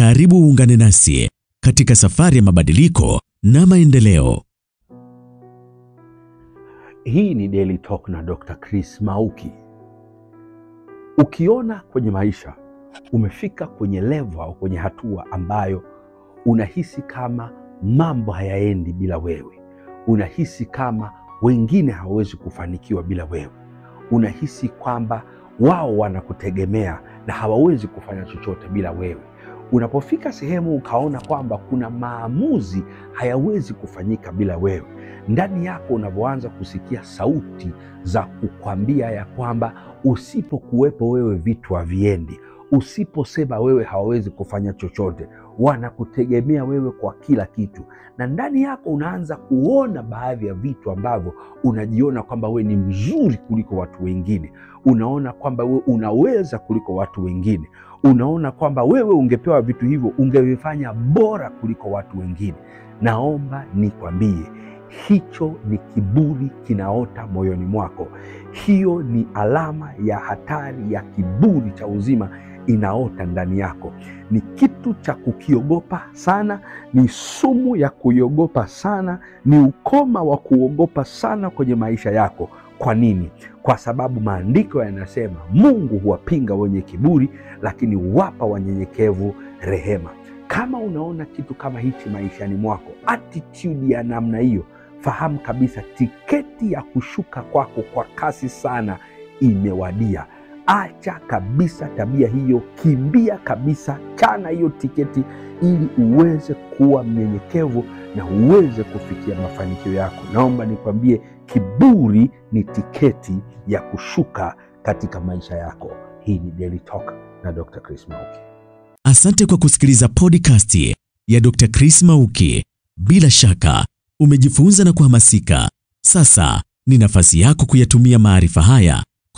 Karibu uungane nasi katika safari ya mabadiliko na maendeleo. Hii ni Daily Talk na Dr. Chris Mauki. Ukiona kwenye maisha umefika kwenye level au kwenye hatua ambayo unahisi kama mambo hayaendi bila wewe, unahisi kama wengine hawawezi kufanikiwa bila wewe, unahisi kwamba wao wanakutegemea na hawawezi kufanya chochote bila wewe unapofika sehemu ukaona kwamba kuna maamuzi hayawezi kufanyika bila wewe, ndani yako unavyoanza kusikia sauti za kukwambia ya kwamba usipokuwepo wewe vitu haviendi Usiposema wewe, hawawezi kufanya chochote, wanakutegemea wewe kwa kila kitu, na ndani yako unaanza kuona baadhi ya vitu ambavyo unajiona kwamba wewe ni mzuri kuliko watu wengine, unaona kwamba wewe unaweza kuliko watu wengine, unaona kwamba wewe ungepewa vitu hivyo ungevifanya bora kuliko watu wengine. Naomba nikwambie, hicho ni kiburi kinaota moyoni mwako. Hiyo ni alama ya hatari ya kiburi cha uzima inaota ndani yako. Ni kitu cha kukiogopa sana, ni sumu ya kuiogopa sana, ni ukoma wa kuogopa sana kwenye maisha yako. Kwa nini? Kwa sababu maandiko yanasema Mungu huwapinga wenye kiburi, lakini huwapa wanyenyekevu rehema. Kama unaona kitu kama hichi maishani mwako, attitude ya namna hiyo, fahamu kabisa tiketi ya kushuka kwako kwa kasi sana imewadia. Acha kabisa tabia hiyo, kimbia kabisa, chana hiyo tiketi, ili uweze kuwa mnyenyekevu na uweze kufikia mafanikio yako. Naomba nikwambie, kiburi ni tiketi ya kushuka katika maisha yako. Hii ni Daily Talk na Dr. Chris Mauki. Asante kwa kusikiliza podcast ya Dr. Chris Mauki. Bila shaka umejifunza na kuhamasika. Sasa ni nafasi yako kuyatumia maarifa haya